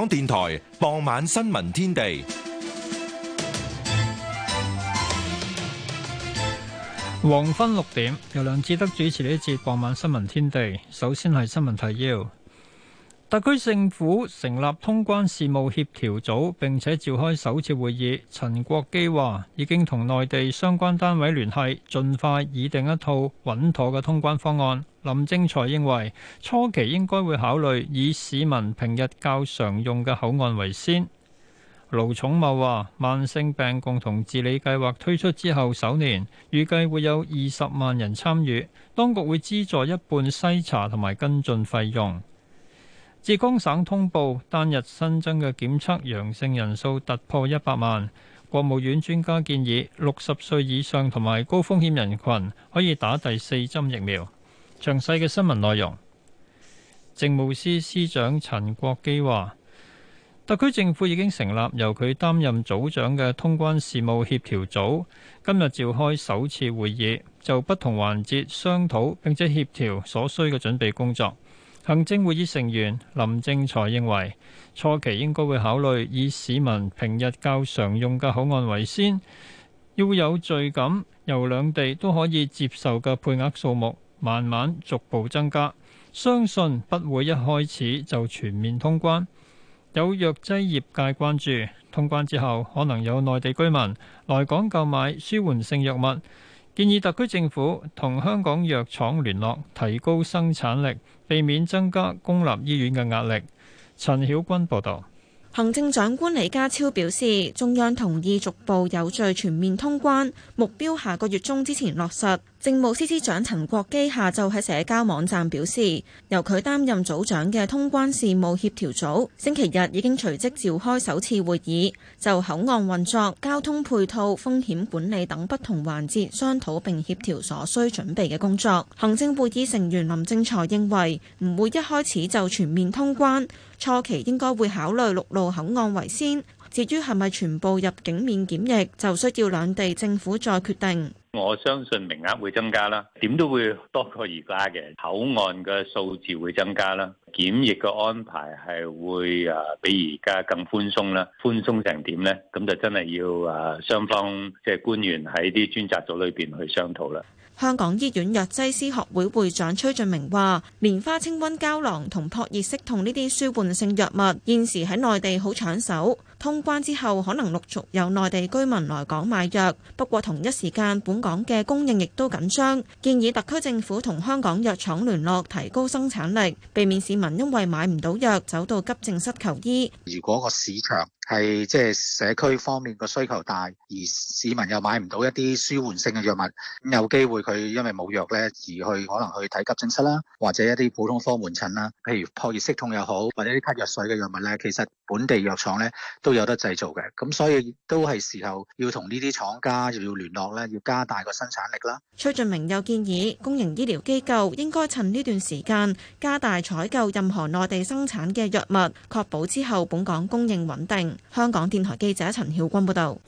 香港電台傍晚新聞天地，黃昏六點由梁志德主持呢一節傍晚新聞天地。首先係新聞提要，特區政府成立通關事務協調組，並且召開首次會議。陳國基話，已經同內地相關單位聯繫，盡快擬定一套穩妥嘅通關方案。林正財認為初期應該會考慮以市民平日較常用嘅口岸為先。盧寵茂話，慢性病共同治理計劃推出之後首年，預計會有二十萬人參與，當局會資助一半篩查同埋跟進費用。浙江省通報單日新增嘅檢測陽性人數突破一百萬。國務院專家建議六十歲以上同埋高風險人群可以打第四針疫苗。詳細嘅新聞內容，政務司司長陳國基話，特區政府已經成立由佢擔任組長嘅通關事務協調組，今日召開首次會議，就不同環節商討並且協調所需嘅準備工作。行政會議成員林正財認為，初期應該會考慮以市民平日較常用嘅口岸為先，要有序咁，由兩地都可以接受嘅配額數目，慢慢逐步增加，相信不會一開始就全面通關。有藥劑業界關注，通關之後可能有內地居民來港購買舒緩性藥物，建議特區政府同香港藥廠聯絡，提高生產力，避免增加公立醫院嘅壓力。陳曉君報導。行政長官李家超表示，中央同意逐步有序全面通關，目標下個月中之前落實。政務司司長陳國基下晝喺社交網站表示，由佢擔任組長嘅通關事務協調組，星期日已經隨即召開首次會議，就口岸運作、交通配套、風險管理等不同環節商討並協調所需準備嘅工作。行政會議成員林正財認為，唔會一開始就全面通關，初期應該會考慮陸路口岸為先，至於係咪全部入境免檢疫，就需要兩地政府再決定。我相信名額會增加啦，點都會多過而家嘅口岸嘅數字會增加啦，檢疫嘅安排係會啊比而家更寬鬆啦，寬鬆成點咧？咁就真係要啊雙方即係官員喺啲專責組裏邊去商討啦。香港醫院藥劑師學會會長崔俊明話，蓮花清瘟膠囊同撲熱息痛呢啲舒緩性藥物，現時喺內地好搶手。通關之後，可能陸續有內地居民來港買藥。不過同一時間，本港嘅供應亦都緊張。建議特區政府同香港藥廠聯絡，提高生產力，避免市民因為買唔到藥走到急症室求醫。如果個市場係即係社區方面嘅需求大，而市民又買唔到一啲舒緩性嘅藥物，有機會佢因為冇藥呢而去可能去睇急症室啦，或者一啲普通科門診啦，譬如撲熱息痛又好，或者啲咳藥水嘅藥物呢。其實本地藥廠呢，都都有得製造嘅，咁所以都係時候要同呢啲廠家又要聯絡咧，要加大個生產力啦。崔俊明又建議，公營醫療機構應該趁呢段時間加大採購任何內地生產嘅藥物，確保之後本港供應穩定。香港電台記者陳曉君報道。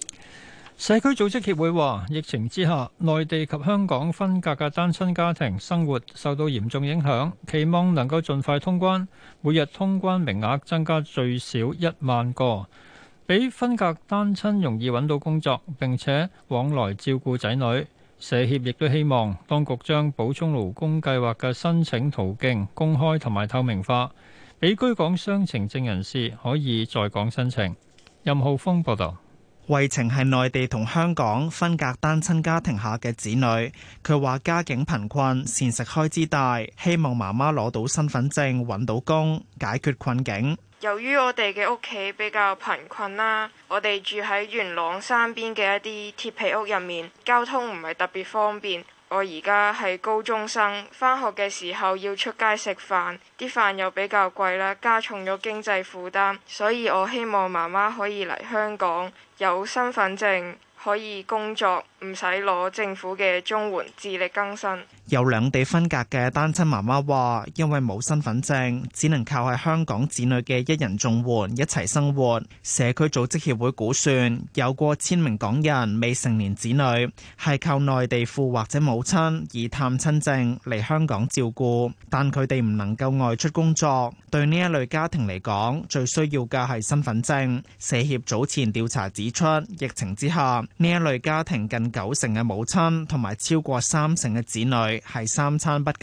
社區組織協會話疫情之下，內地及香港分隔嘅單親家庭生活受到嚴重影響，期望能夠盡快通關，每日通關名額增加最少一萬個。俾分隔單親容易揾到工作，並且往來照顧仔女。社協亦都希望當局將補充勞工計劃嘅申請途徑公開同埋透明化，俾居港雙程證人士可以在港申請。任浩峰報道，惠晴係內地同香港分隔單親家庭下嘅子女，佢話家境貧困，膳食開支大，希望媽媽攞到身份證揾到工，解決困境。由於我哋嘅屋企比較貧困啦，我哋住喺元朗山邊嘅一啲鐵皮屋入面，交通唔係特別方便。我而家係高中生，返學嘅時候要出街食飯，啲飯又比較貴啦，加重咗經濟負擔。所以我希望媽媽可以嚟香港，有身份證。可以工作，唔使攞政府嘅綜援，自力更生。有兩地分隔嘅單親媽媽話，因為冇身份證，只能靠係香港子女嘅一人綜援一齊生活。社區組織協會估算，有過千名港人未成年子女係靠內地父或者母親以探親證嚟香港照顧，但佢哋唔能夠外出工作。對呢一類家庭嚟講，最需要嘅係身份證。社協早前調查指出，疫情之下。.呢一類家庭近九成嘅母親同埋超過三成嘅子女係三餐不繼。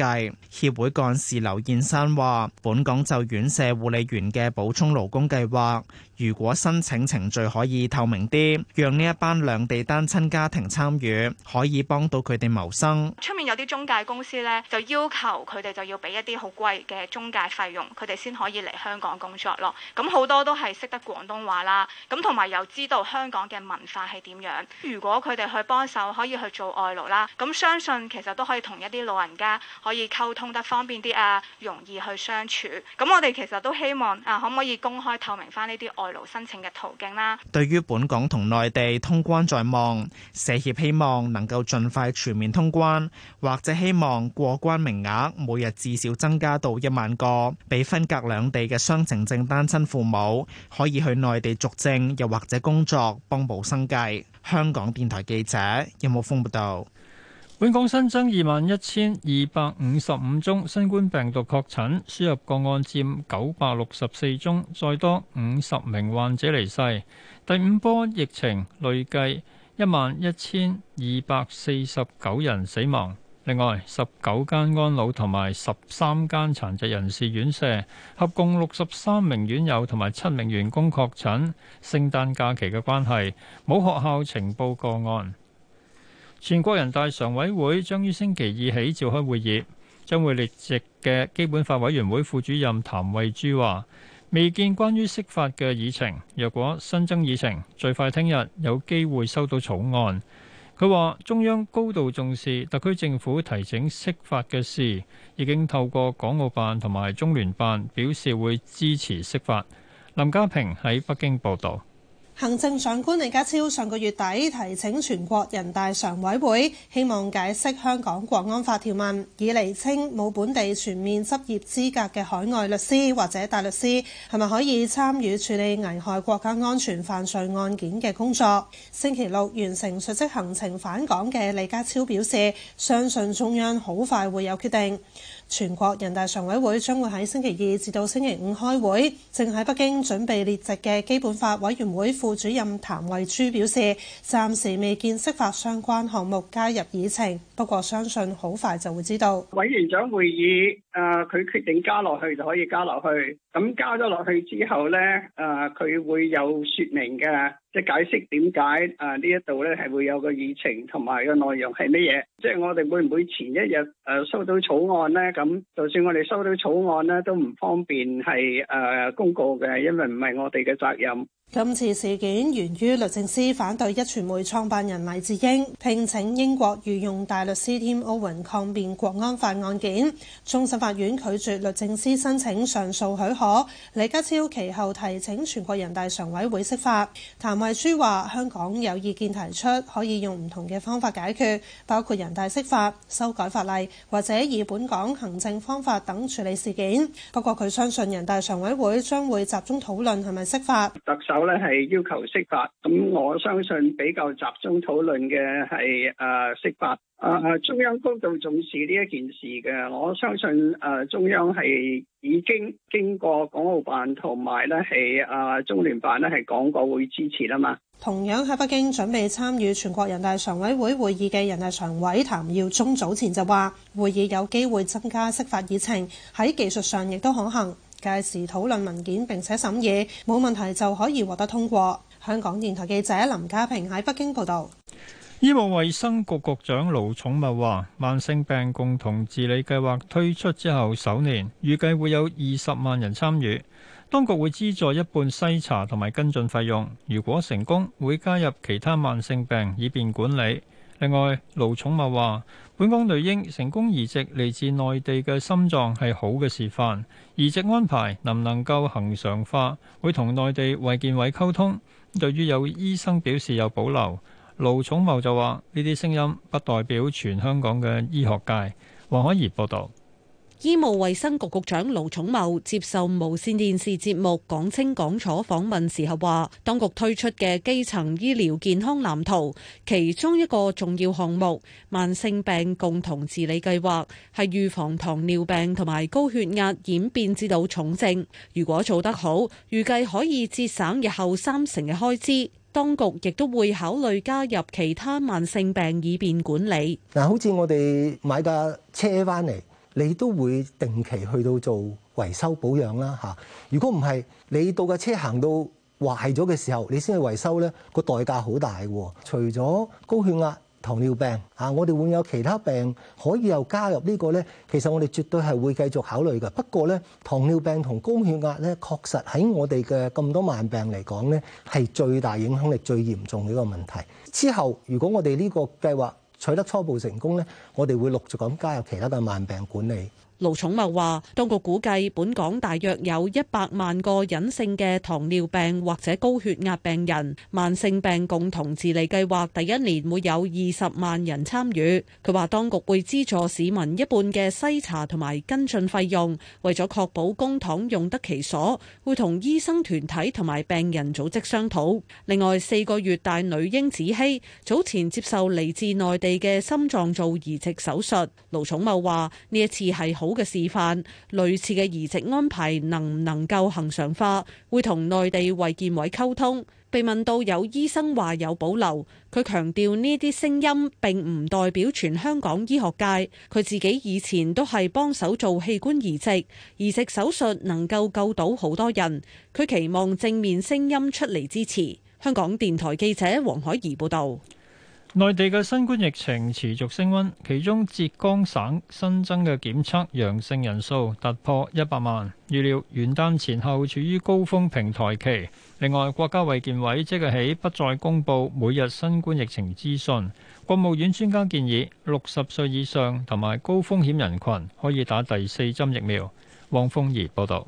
協會幹事劉燕山話，本港就院舍護理員嘅補充勞工計劃，如果申請程序可以透明啲，讓呢一班兩地單親家庭參與，可以幫到佢哋謀生。出面有啲中介公司呢，就要求佢哋就要俾一啲好貴嘅中介費用，佢哋先可以嚟香港工作咯。咁好多都係識得廣東話啦，咁同埋又知道香港嘅文化係點樣。如果佢哋去幫手，可以去做外勞啦。咁相信其實都可以同一啲老人家可以溝通得方便啲啊，容易去相處。咁我哋其實都希望啊，可唔可以公開透明翻呢啲外勞申請嘅途徑啦？對於本港同內地通關在望，社協希望能夠盡快全面通關，或者希望過關名額每日至少增加到一萬個，俾分隔兩地嘅雙程證單親父母可以去內地續證，又或者工作幫補生計。香港電台記者任浩峰報道，本港新增二萬一千二百五十五宗新冠病毒確診，輸入個案佔九百六十四宗，再多五十名患者離世。第五波疫情累計一萬一千二百四十九人死亡。另外，十九間安老同埋十三間殘疾人士院舍，合共六十三名院友同埋七名員工確診。聖誕假期嘅關係，冇學校情報個案。全國人大常委會將於星期二起召開會議，將會列席嘅基本法委員會副主任譚惠珠話：未見關於釋法嘅議程，若果新增議程，最快聽日有機會收到草案。佢話：中央高度重視特區政府提請釋法嘅事，已經透過港澳辦同埋中聯辦表示會支持釋法。林家平喺北京報導。行政長官李家超上個月底提請全國人大常委會，希望解釋香港國安法條文，以釐清冇本地全面執業資格嘅海外律師或者大律師係咪可以參與處理危害國家安全犯罪案件嘅工作。星期六完成述職行程返港嘅李家超表示，相信中央好快會有決定。全國人大常委會將會喺星期二至到星期五開會，正喺北京準備列席嘅基本法委員會副主任譚惠珠表示，暫時未見釋法相關項目加入議程，不過相信好快就會知道。委員長會議，誒佢決定加落去就可以加落去，咁加咗落去之後咧，誒佢會有說明嘅。即係解釋點解啊？呢一度咧係會有個議程同埋個內容係乜嘢？即係我哋會唔會前一日誒收到草案咧？咁就算我哋收到草案咧，都唔方便係誒公告嘅，因為唔係我哋嘅責任。今次事件源於律政司反對壹傳媒創辦人黎智英聘請英國御用大律師 Tim Owen 抗辯國安法案件，終審法院拒絕律政司申請上訴許可。李家超其後提請全國人大常委會釋法。譚慧珠話：香港有意見提出可以用唔同嘅方法解決，包括人大釋法、修改法例或者以本港行政方法等處理事件。不過佢相信人大常委會將會集中討論係咪釋法。我咧係要求釋法，咁我相信比較集中討論嘅係誒釋法。誒誒中央高度重視呢一件事嘅，我相信誒中央係已經經過港澳辦同埋咧係誒中聯辦咧係講過會支持啊嘛。同樣喺北京準備參與全國人大常委會會議嘅人大常委譚耀宗早前就話，會議有機會增加釋法議程，喺技術上亦都可行。屆時討論文件並且審議，冇問題就可以獲得通過。香港電台記者林家平喺北京報導。醫務衛生局局長盧寵茂話：慢性病共同治理計劃推出之後首年，預計會有二十萬人參與。當局會資助一半篩查同埋跟進費用。如果成功，會加入其他慢性病以便管理。另外，盧寵茂話，本港女嬰成功移植嚟自內地嘅心臟係好嘅示範，移植安排能唔能夠恆常化，會同內地衛健委溝通。對於有醫生表示有保留，盧寵茂就話，呢啲聲音不代表全香港嘅醫學界。黃海怡報道。醫務衛生局局長盧寵茂接受無綫電視節目《講清講楚》訪問時候話，當局推出嘅基層醫療健康藍圖，其中一個重要項目——慢性病共同治理計劃，係預防糖尿病同埋高血壓演變至到重症。如果做得好，預計可以節省日後三成嘅開支。當局亦都會考慮加入其他慢性病以便管理嗱，好似我哋買架車翻嚟。你都會定期去到做維修保養啦嚇，如果唔係，你到架車行到壞咗嘅時候，你先去維修呢個代價好大喎，啊。除咗高血壓、糖尿病啊，我哋會有其他病可以又加入呢個呢？其實我哋絕對係會繼續考慮嘅。不過呢，糖尿病同高血壓呢，確實喺我哋嘅咁多慢病嚟講呢，係最大影響力、最嚴重嘅一個問題。之後，如果我哋呢個計劃，取得初步成功咧，我哋會陸續咁加入其他嘅慢病管理。盧寵茂話：當局估計本港大約有一百萬個隱性嘅糖尿病或者高血壓病人，慢性病共同治理計劃第一年會有二十萬人參與。佢話當局會資助市民一半嘅篩查同埋跟進費用，為咗確保公帑用得其所，會同醫生團體同埋病人組織商討。另外，四個月大女嬰子希早前接受嚟自內地嘅心臟做移植手術，盧寵茂話呢一次係好。好嘅示範，類似嘅移植安排能唔能夠恒常化？會同內地衛健委溝通。被問到有醫生話有保留，佢強調呢啲聲音並唔代表全香港醫學界。佢自己以前都係幫手做器官移植，移植手術能夠救到好多人。佢期望正面聲音出嚟支持。香港電台記者黃海怡報道。內地嘅新冠疫情持續升温，其中浙江省新增嘅檢測陽性人數突破一百萬，預料元旦前後處於高峰平台期。另外，國家衛健委即日起不再公布每日新冠疫情資訊。國務院專家建議，六十歲以上同埋高風險人群可以打第四針疫苗。汪峰儀報道。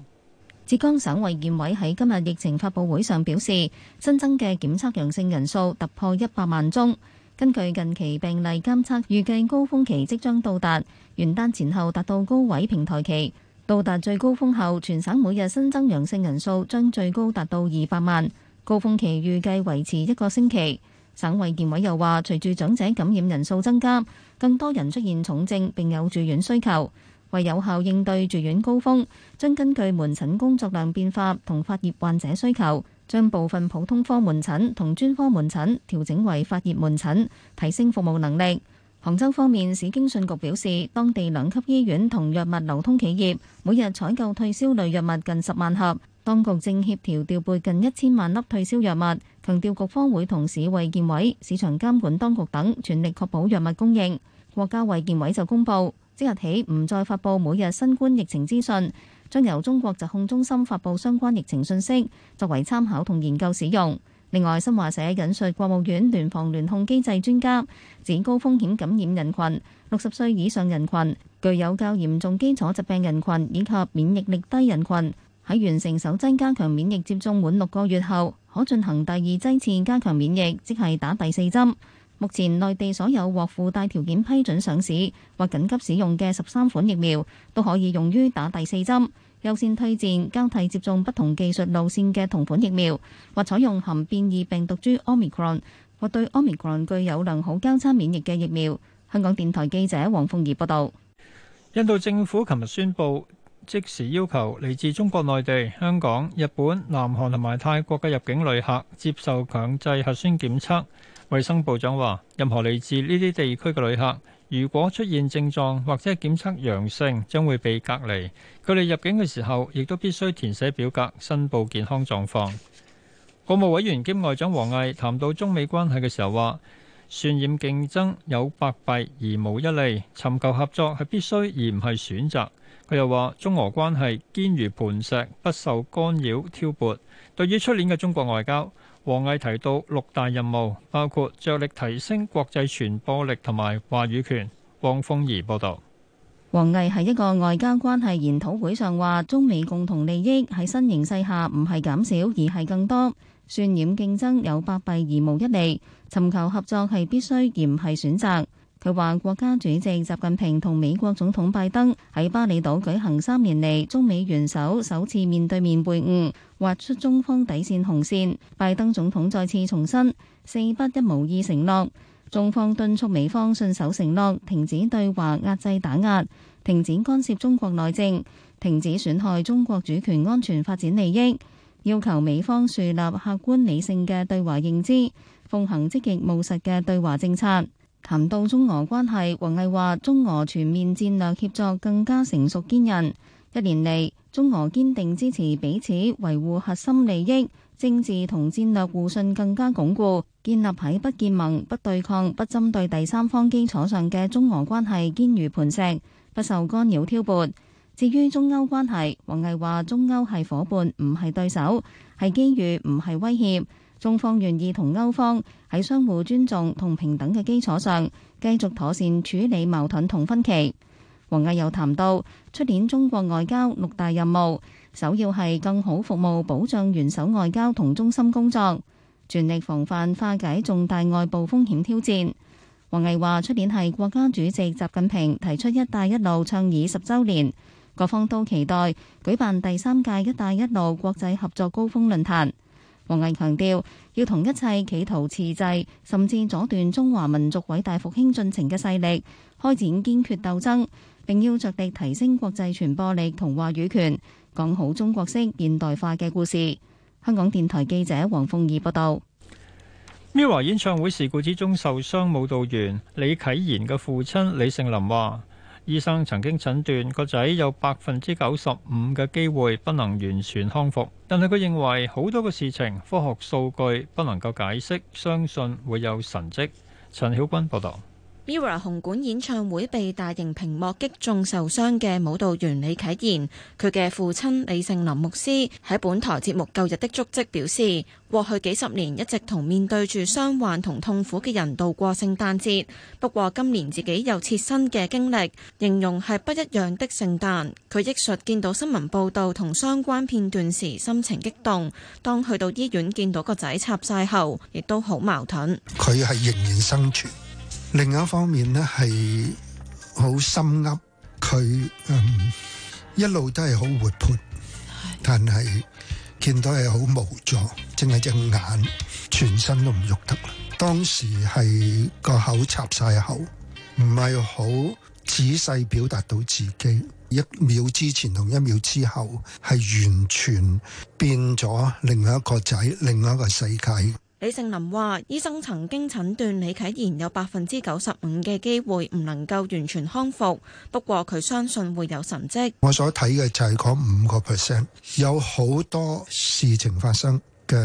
浙江省衛健委喺今日疫情發布會上表示，新增嘅檢測陽性人數突破一百萬宗。根據近期病例監測，預計高峰期即將到達，元旦前後達到高位平台期。到達最高峰後，全省每日新增陽性人數將最高達到二百萬。高峰期預計維持一個星期。省衛健委又話，隨住長者感染人數增加，更多人出現重症並有住院需求，為有效應對住院高峰，將根據門診工作量變化同發熱患者需求，將部分普通科門診同專科門診調整為發熱門診，提升服務能力。杭州方面，市經信局表示，當地兩級醫院同藥物流通企業每日採購退燒類藥物近十萬盒，當局正協調調撥近一千萬粒退燒藥物。強調局方會同市衛健委、市場監管當局等，全力確保藥物供應。國家衛健委就公布，即日起唔再發布每日新冠疫情資訊。將由中國疾控中心發布相關疫情信息，作為參考同研究使用。另外，新華社引述國務院聯防聯控機制專家指，高風險感染人群、六十歲以上人群、具有較嚴重基礎疾病人群以及免疫力低人群，喺完成首劑加強免疫接種滿六個月後，可進行第二劑次加強免疫，即係打第四針。目前，內地所有獲附帶條件批准上市或緊急使用嘅十三款疫苗，都可以用於打第四針。優先推薦交替接種不同技術路線嘅同款疫苗，或採用含變異病毒株 Omicron，或對 Omicron 具有良好交叉免疫嘅疫苗。香港電台記者黃鳳儀報道。印度政府琴日宣布，即時要求嚟自中國內地、香港、日本、南韓同埋泰國嘅入境旅客接受強制核酸檢測。衛生部長話，任何嚟自呢啲地區嘅旅客，如果出現症狀或者檢測陽性，將會被隔離。佢哋入境嘅時候，亦都必須填寫表格，申報健康狀況。國務委員兼外長王毅談到中美關係嘅時候話，渲染競爭有百弊而無一利，尋求合作係必須而唔係選擇。佢又話，中俄關係堅如磐石，不受干擾挑撥。對於出年嘅中國外交。王毅提到六大任務，包括着力提升國際傳播力同埋話語權，王峰儀報道。王毅係一個外交關係研討會上話，中美共同利益喺新形勢下唔係減少，而係更多。渲染競爭有百弊而無一利，尋求合作係必須而唔係選擇。佢話：國家主席習近平同美國總統拜登喺巴厘島舉行三年嚟中美元首首次面對面會晤，劃出中方底線紅線。拜登總統再次重申四不一無意承諾，中方敦促美方信守承諾，停止對華壓制打壓，停止干涉中國內政，停止損害中國主權安全發展利益，要求美方樹立客觀理性嘅對華認知，奉行積極務實嘅對華政策。談到中俄關係，王毅話：中俄全面戰略協作更加成熟堅韌。一年嚟，中俄堅定支持彼此維護核心利益，政治同戰略互信更加鞏固，建立喺不結盟、不對抗、不針對第三方基礎上嘅中俄關係堅如磐石，不受干擾挑撥。至於中歐關係，王毅話：中歐係伙伴，唔係對手，係機遇，唔係威脅。中方願意同歐方喺相互尊重同平等嘅基礎上，繼續妥善處理矛盾同分歧。王毅又談到，出年中國外交六大任務，首要係更好服務保障元首外交同中心工作，全力防範化解重大外部風險挑戰。王毅話，出年係國家主席習近平提出「一帶一路」倡議十週年，各方都期待舉辦第三屆「一帶一路」國際合作高峰論壇。王毅強調，要同一切企圖遏制甚至阻斷中華民族偉大復興進程嘅勢力開展堅決鬥爭，並要着力提升國際傳播力同話語權，講好中國式現代化嘅故事。香港電台記者黃鳳儀報道。Mirror 演唱會事故之中受傷舞蹈員李啟言嘅父親李盛林話。醫生曾經診斷個仔有百分之九十五嘅機會不能完全康復，但係佢認為好多嘅事情科學數據不能夠解釋，相信會有神蹟。陳曉君報道。Mirror 紅館演唱會被大型屏幕擊中受傷嘅舞蹈員李啟言，佢嘅父親李勝林牧師喺本台節目《舊日的足跡》表示，過去幾十年一直同面對住傷患同痛苦嘅人度過聖誕節，不過今年自己有切身嘅經歷，形容係不一樣的聖誕。佢憶述見到新聞報道同相關片段時，心情激動；當去到醫院見到個仔插晒後，亦都好矛盾。佢係仍然生存。另一方面呢，係好心噏，佢、嗯、一路都係好活潑，但係見到係好無助，淨係只是隻眼，全身都唔喐得。當時係個口插晒口，唔係好仔細表達。到自己。一秒之前同一秒之後，係完全變咗另外一個仔，另外一個世界。李勝林話：醫生曾經診斷李啟賢有百分之九十五嘅機會唔能夠完全康復，不過佢相信會有神跡。我所睇嘅就係嗰五個 percent，有好多事情發生嘅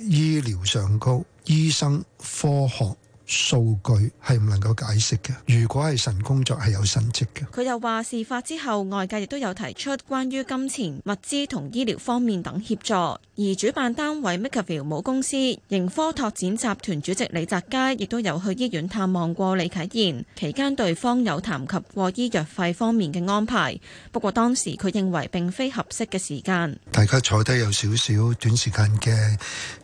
醫療上高、醫生科學。數據係唔能夠解釋嘅。如果係神工作係有神蹟嘅。佢又話：事發之後，外界亦都有提出關於金錢、物資同醫療方面等協助。而主辦單位 MakerVille 母公司盈科拓展集團主席李澤楷亦都有去醫院探望過李啟言。期間對方有談及過醫藥費方面嘅安排，不過當時佢認為並非合適嘅時間。大家坐低有少少短時間嘅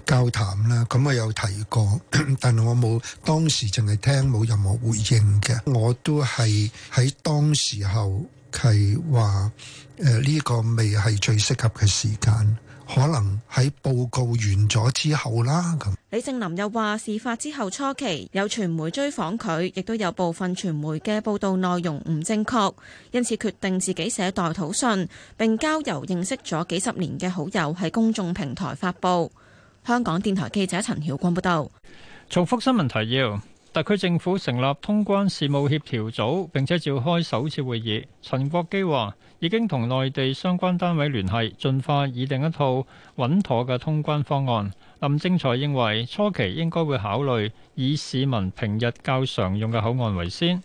交談啦，咁我有提過，但我冇當。當時淨係聽冇任何回應嘅，我都係喺當時候係話，誒呢個未係最適合嘅時間，可能喺報告完咗之後啦。咁李正林又話，事發之後初期有傳媒追訪佢，亦都有部分傳媒嘅報道內容唔正確，因此決定自己寫代禱信，並交由認識咗幾十年嘅好友喺公眾平台發布。香港電台記者陳曉光報道。重複新聞提要：特區政府成立通關事務協調組，並且召開首次會議。陳國基話，已經同內地相關單位聯繫，盡快擬定一套穩妥嘅通關方案。林正財認為，初期應該會考慮以市民平日較常用嘅口岸為先。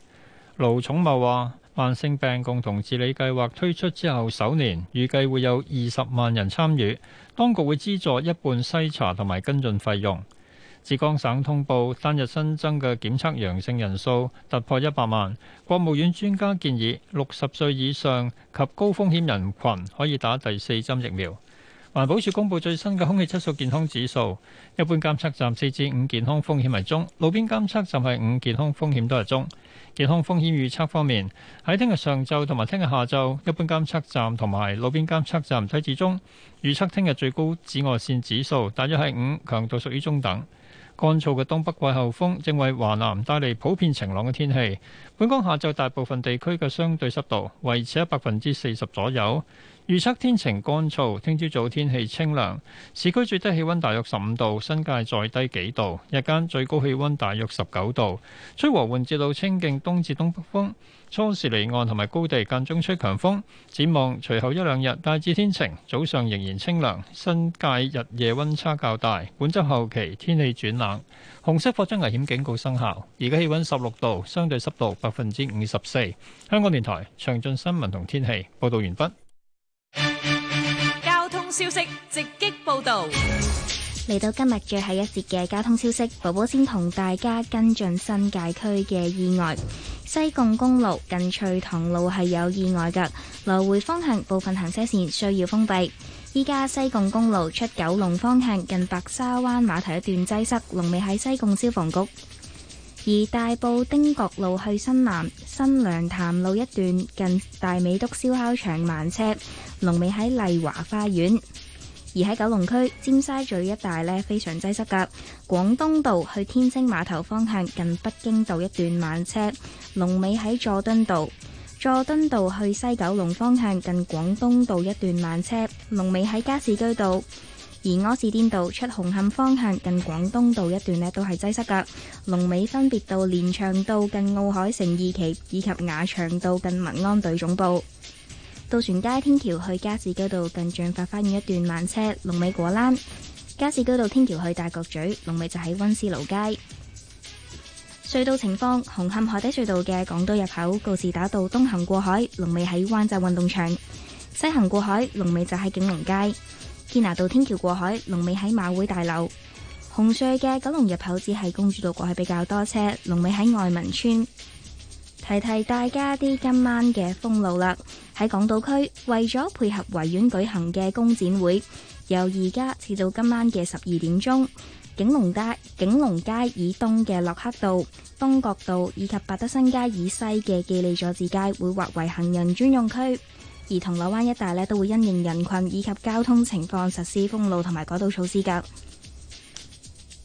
盧寵茂話，慢性病共同治理計劃推出之後首年，預計會有二十萬人參與，當局會資助一半篩查同埋跟進費用。浙江省通報單日新增嘅檢測陽性人數突破一百萬，國務院專家建議六十歲以上及高風險人群可以打第四針疫苗。環保署公布最新嘅空氣質素健康指數，一般監測站四至五健康風險為中，路邊監測站係五健康風險都係中。健康風險預測方面，喺聽日上晝同埋聽日下晝一般監測站同埋路邊監測站低至中。預測聽日最高紫外線指數大約係五，強度屬於中等。乾燥嘅東北季候風正為華南帶嚟普遍晴朗嘅天氣。本港下晝大部分地區嘅相對濕度維持喺百分之四十左右。預測天晴乾燥，聽朝早，早天氣清涼，市區最低氣溫大約十五度，新界再低幾度。日間最高氣溫大約十九度，吹和緩至到清勁東至東北風，初時離岸同埋高地間中吹強風。展望隨後一兩日大致天晴，早上仍然清涼，新界日夜溫差較大。本周後期天氣轉冷，紅色火災危險警告生效。而家氣溫十六度，相對濕度百分之五十四。香港電台詳盡新聞同天氣報道完畢。交通消息直擊報道，嚟到今日最後一節嘅交通消息，寶寶先同大家跟進新界區嘅意外，西貢公路近翠塘路係有意外㗎，來回方向部分行車線需要封閉，依家西貢公路出九龍方向近白沙灣碼頭一段擠塞，龍尾喺西貢消防局。而大埔汀角路去新南新娘潭路一段近大美督燒烤場慢車，龍尾喺麗華花園；而喺九龍區尖沙咀一帶呢，非常擠塞噶，廣東道去天星碼頭方向近北京道一段慢車，龍尾喺佐敦道；佐敦道去西九龍方向近廣東道一段慢車，龍尾喺加士居道。而柯士甸道出紅磡方向近廣東道一段呢都係擠塞嘅，龍尾分別到連翔道近奧海城二期以及雅翔道近民安隊總部。渡船街天橋去加士居道近象發花園一段慢車，龍尾果欄。加士居道天橋去大角咀，龍尾就喺溫斯勞街。隧道情況，紅磡海底隧道嘅港島入口告士打道東行過海，龍尾喺灣仔運動場；西行過海，龍尾就喺景隆街。堅拿道天橋過海，龍尾喺馬會大樓；紅隧嘅九龍入口只係公主道過去比較多車，龍尾喺外文村。提提大家啲今晚嘅封路啦！喺港島區，為咗配合維園舉行嘅公展會，由而家至到今晚嘅十二點鐘，景隆街、景隆街以東嘅洛克道、東角道以及百德新街以西嘅記利佐治街會劃為行人專用區。而銅鑼灣一帶都會因應人群以及交通情況實施封路同埋改道措施㗎。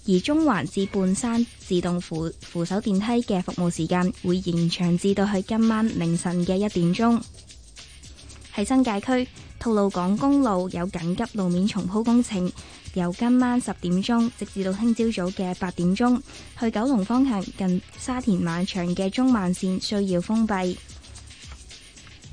而中環至半山自動扶扶手電梯嘅服務時間會延長至到去今晚凌晨嘅一點鐘。喺新界區吐露港公路有緊急路面重鋪工程，由今晚十點鐘直至到聽朝早嘅八點鐘，去九龍方向近沙田馬場嘅中慢線需要封閉。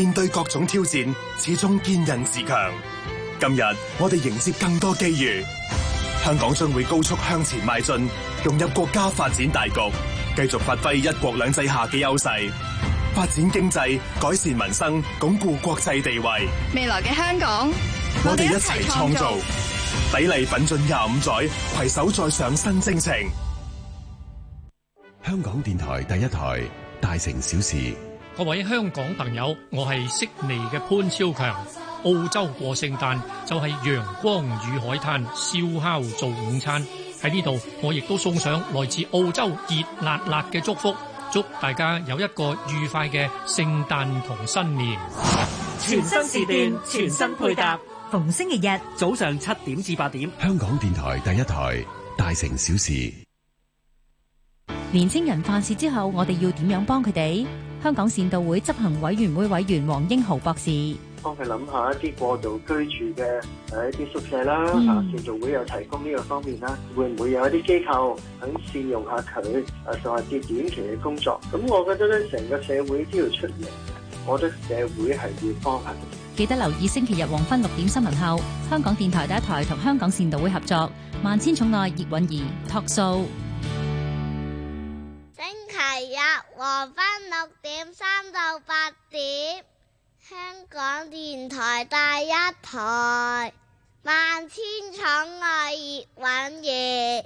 面對各種挑戰，始終堅韌自強。今日我哋迎接更多機遇，香港將會高速向前邁進，融入國家發展大局，繼續發揮一國兩制下嘅優勢，發展經濟，改善民生，鞏固國際地位。未來嘅香港，我哋一齊創造，砥礪奮進廿五載，攜手再上新征程。香港電台第一台，大城小事。各位香港朋友，我係悉尼嘅潘超強。澳洲過聖誕就係陽光與海灘，燒烤做午餐。喺呢度，我亦都送上來自澳洲熱辣辣嘅祝福，祝大家有一個愉快嘅聖誕同新年。全新時段，全新配搭，逢星期日早上七點至八點，香港電台第一台大城小事。年青人犯事之後，我哋要點樣幫佢哋？香港善道會執行委員會委員黃英豪博士，幫佢諗下一啲過渡居住嘅誒，一啲宿舍啦，善、嗯、道會有提供呢個方面啦，會唔會有一啲機構肯善用下佢誒，做下啲短期嘅工作？咁我覺得咧，成個社會都要出現。我覺得社會係要方向。記得留意星期日黃昏六點新聞後，香港電台第一台同香港善道會合作，萬千寵愛葉允儀托數。星期日黃昏六點三到八點，香港電台第一台《萬千寵愛葉蘊儀》。